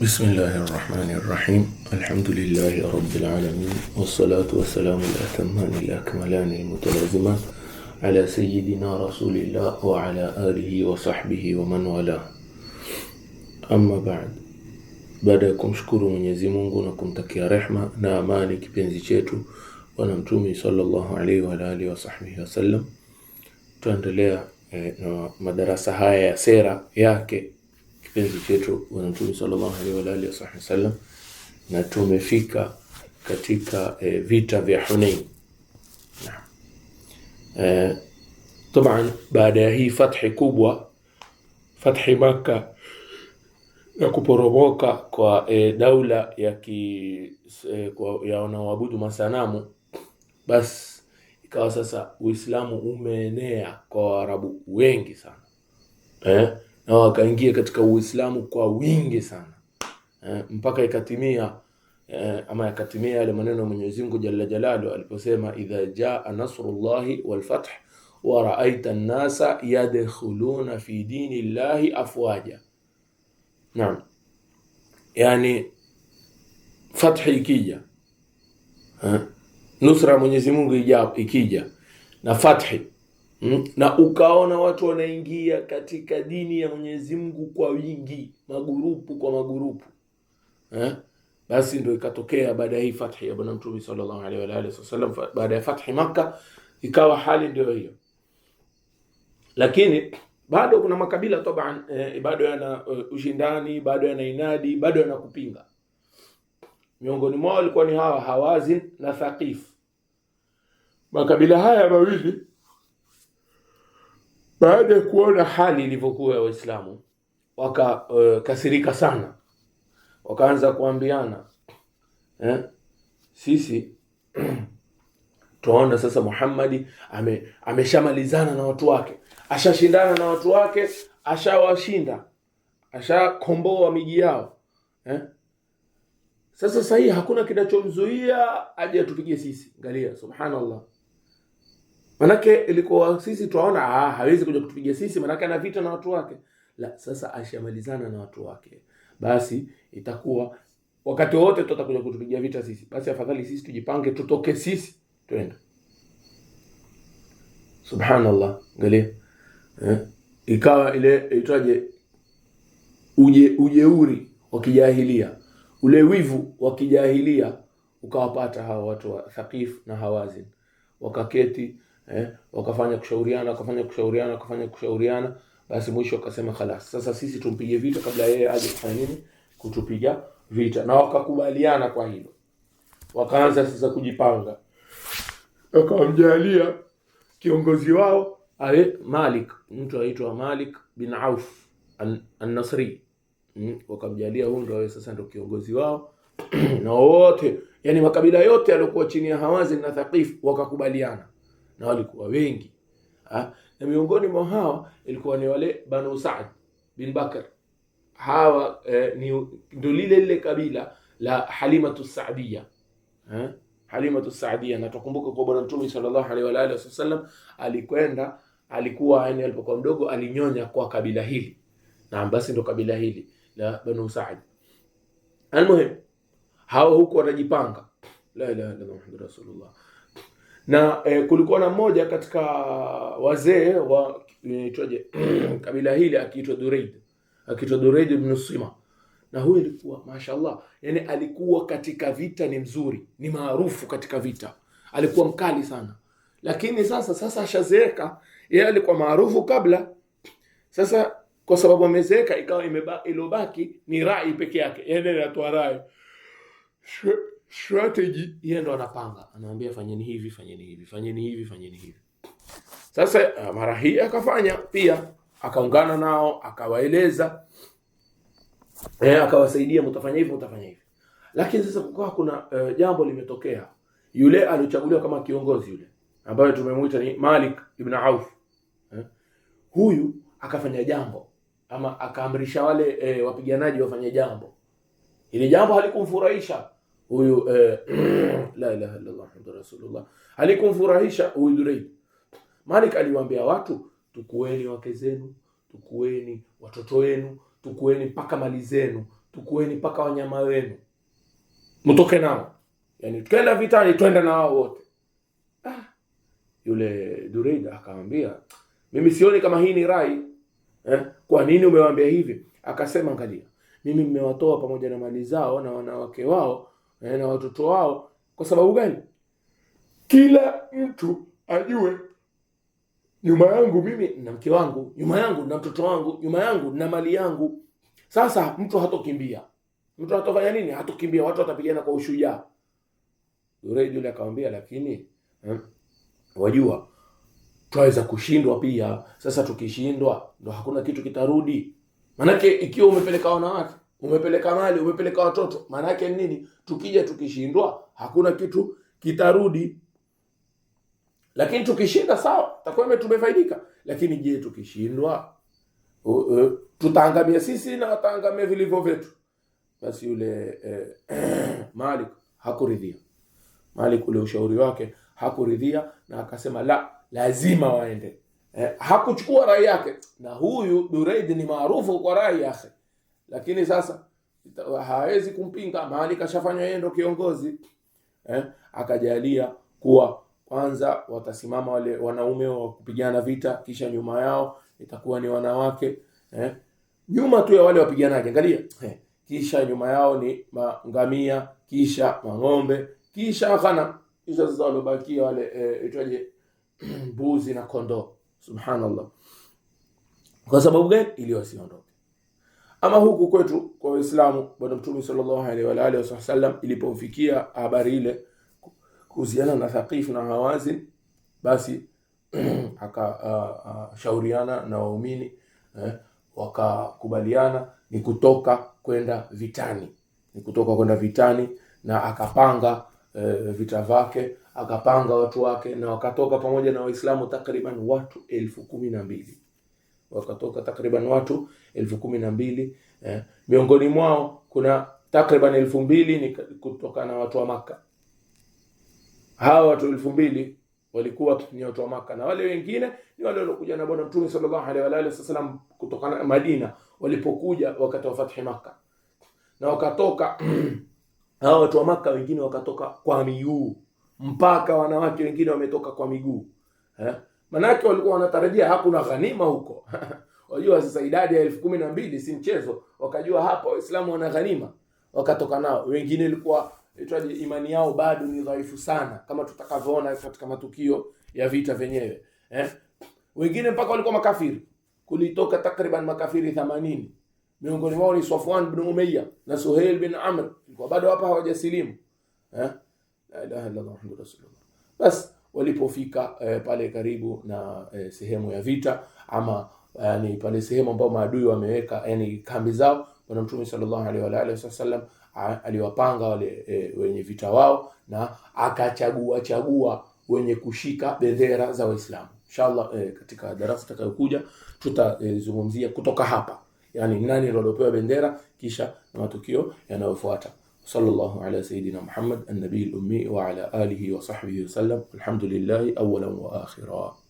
بسم الله الرحمن الرحيم الحمد لله رب العالمين والصلاة والسلام الأتمان الأكملان المتلازمان على سيدنا رسول الله وعلى آله وصحبه ومن والاه أما بعد بعدكم شكر من يزيمون كنتم تكيا رحمة نأماني كبين زيجيتو ونمتومي صلى الله عليه وعلى آله وصحبه وسلم تواندليا إيه، مدرسة هاي سيرة ياكي kipenzi chetu Bwana Mtume sallallahu alaihi wa alihi wasallam, na tumefika katika e, vita vya Hunain eh, taban baada ya hii fathi kubwa, fathi Makka ya kuporomoka kwa e, daula ya ki, e, kwa, ya wanaoabudu masanamu, basi ikawa sasa Uislamu umeenea kwa Waarabu wengi sana eh? na wakaingia katika Uislamu kwa wingi sana eh, mpaka ikatimia eh, ama yakatimia yale maneno ya Mwenyezi Mungu Jalla Jalalu aliposema idha jaa nasrullahi wal fath wa raaita an-nasa yadkhuluna fi dini llahi afwaja. Naam, yani fathi ikija eh, nusra Mwenyezi Mungu ikija na fathi Hmm? na ukaona watu wanaingia katika dini ya Mwenyezi Mungu kwa wingi, magurupu kwa magurupu eh? Basi ndio ikatokea baada ya hii fathi ya Bwana Mtume sallallahu alaihi wa alihi wasallam, baada ya fathi Makka ikawa hali ndio hiyo, lakini bado kuna makabila taban, eh, bado yana uh, ushindani, bado yana inadi, bado yana kupinga. Miongoni mwao walikuwa ni hawa Hawazin na Thaqif. Makabila haya mawili baada ya kuona hali ilivyokuwa ya Waislamu wakakasirika eh, uh, sana, wakaanza kuambiana eh, sisi tuona sasa Muhammadi ame, ameshamalizana na watu wake, ashashindana na watu wake, ashawashinda, ashakomboa miji yao eh? Sasa sahii hakuna kinachomzuia aje atupigie sisi. Angalia, subhanallah. Manake ilikuwa sisi tuwaona ah, hawezi kuja kutupiga sisi, manake ana vita na watu wake. La, sasa ashamalizana na watu wake, basi itakuwa wakati wote tutakuja kutupigia vita sisi. Basi afadhali sisi tujipange, tutoke sisi twende. Subhanallah, angalia eh? Ikawa ile itaje uje ujeuri wa kijahilia, ule wivu wa kijahilia ukawapata hawa watu wa Thaqif na Hawazin wakaketi eh, wakafanya kushauriana wakafanya kushauriana wakafanya kushauriana, basi mwisho wakasema khalas, sasa sisi tumpige vita kabla yeye aje kufanya nini, kutupiga vita. Na wakakubaliana kwa hilo, wakaanza sasa kujipanga, wakamjalia kiongozi wao ale eh, Malik, mtu aitwa Malik bin Auf an-Nasri mm, wakamjalia huyo ndio awe sasa ndio kiongozi wao na wote, yani makabila yote yaliokuwa chini ya Hawazin na Thaqif wakakubaliana na walikuwa wengi ha? Ah, na miongoni mwa hawa ilikuwa ni wale Banu Saad bin Bakr hawa eh, ni ndio lile lile kabila la Halimatu Saadia ha? Ah, Halimatu Saadia, na tukumbuka kwa bwana Mtume sallallahu alaihi wa alihi wasallam alikwenda, alikuwa yani, alipokuwa mdogo alinyonya kwa kabila hili, na basi ndo kabila hili la Banu Saad. Almuhim hawa huko wanajipanga, la ilaha illallah muhammadur rasulullah na eh, kulikuwa na mmoja katika wazee wa inaitwaje kabila hili akiitwa Dureid akiitwa Dureid ibn Sima, na huyu alikuwa mashaallah, yani alikuwa katika vita ni mzuri, ni maarufu katika vita, alikuwa mkali sana. Lakini sasa sasa ashazeeka, yeye alikuwa maarufu kabla. Sasa kwa sababu amezeeka, ikawa ilobaki ni rai peke yake, yani anatoa rai strategy, yeye ndo anapanga, anaambia fanyeni hivi, fanyeni hivi, fanyeni hivi, fanyeni hivi. Sasa eh, mara hii akafanya pia, akaungana nao, akawaeleza eh, akawasaidia, mtafanya hivi, mtafanya hivi. Lakini sasa kukawa kuna uh, jambo limetokea. Yule alichaguliwa kama kiongozi yule ambaye tumemuita ni Malik ibn Auf eh? Huyu akafanya jambo ama akaamrisha wale eh, wapiganaji wafanye jambo. Ile jambo halikumfurahisha huyu eh, la ilaha illallah muhammadur rasulullah alikumfurahisha huyu Dureid. Malik aliwaambia watu, tukueni wake zenu, tukueni watoto wenu, tukueni mpaka mali zenu, tukueni mpaka wanyama wenu, mtoke nao, yani tukaenda vitani, twenda na wao wote. Ah, yule Dureid akamwambia, mimi sioni kama hii ni rai eh? Kwa nini umewaambia hivi? Akasema, angalia, mimi mmewatoa pamoja na mali zao na wanawake wao Eh, na watoto wao. Kwa sababu gani? Kila mtu ajue nyuma yangu mimi na mke wangu, nyuma yangu na mtoto wangu, nyuma yangu na mali yangu. Sasa mtu hatokimbia, mtu hatofanya nini? Hatokimbia, watu watapigana kwa ushujaa. Yule yule akamwambia, lakini eh, wajua twaweza kushindwa pia. Sasa tukishindwa, ndo hakuna kitu kitarudi, maanake ikiwa umepeleka wanawake umepeleka mali, umepeleka watoto. Maana yake nini? Tukija tukishindwa, hakuna kitu kitarudi, lakini tukishinda, sawa, takuwa tumefaidika. Lakini je, tukishindwa tutaangamia sisi na wataangamia vilivyo vyetu? Basi yule eh, Malik hakuridhia. Malik ule ushauri wake hakuridhia, na akasema la, lazima waende. Eh, hakuchukua rai yake, na huyu Dureid ni maarufu kwa rai yake lakini sasa hawezi kumpinga, mahali kashafanywa yeye ndo kiongozi eh. Akajalia kuwa kwanza watasimama wale wanaume wa kupigana vita, kisha nyuma yao itakuwa ni wanawake eh, nyuma tu ya wale wapiganaji, angalia eh, kisha nyuma yao ni mangamia, kisha mang'ombe, kisha ghanam, hizo sasa waliobakia wale eh, itwaje mbuzi na kondoo. Subhanallah, kwa sababu gani? Ili wasiondoke ama huku kwetu kwa Waislamu, bwana Mtume sallallahu alaihi wa alihi wasallam ilipomfikia habari ile kuhusiana na Thaqif na Hawazin, basi akashauriana na waumini eh, wakakubaliana ni kutoka kwenda vitani, ni kutoka kwenda vitani, na akapanga eh, vita vyake, akapanga watu wake, na wakatoka pamoja na Waislamu takriban watu elfu kumi na mbili wakatoka takriban watu elfu kumi na mbili eh. Miongoni mwao kuna takriban elfu mbili ni kutokana na watu wa Maka. Hawa watu elfu mbili walikuwa ni watu wa Maka, na wale wengine ni wale waliokuja na bwana Mtume sallallahu alaihi wa alihi wasallam na Madina, walipokuja wakati wa fathi Maka na wakatoka hawa watu wa Maka, wengine wakatoka kwa miguu mpaka wanawake wengine wametoka kwa miguu eh? Manake walikuwa wanatarajia hakuna ghanima huko wajua sasa idadi ya elfu kumi na mbili si mchezo. Wakajua hapa Waislamu wana ghanima, wakatoka nao. Wengine ilikuwa itwaje, imani yao bado ni dhaifu sana, kama tutakavyoona katika matukio ya vita vyenyewe eh? Wengine mpaka walikuwa makafiri. Kulitoka takriban makafiri 80 miongoni mwao ni Safwan bin Umayya na Suhail bin Amr, ilikuwa bado hapa hawajasilimu eh? la ilaha illallah muhammadur rasulullah bas walipofika eh, pale karibu na eh, sehemu ya vita ama yani eh, pale sehemu ambayo maadui wameweka yani kambi zao. Bwana Mtume sallallahu alaihi wa alihi wasallam aliwapanga wale e, wenye vita wao na akachagua chagua wenye kushika bendera za Waislamu. Inshallah e, katika darasa itakayokuja tutazungumzia e, kutoka hapa, yani nani waliopewa bendera kisha na matukio yanayofuata. صلى الله على سيدنا محمد النبي الأمي وعلى آله وصحبه وسلم الحمد لله أولا وآخرا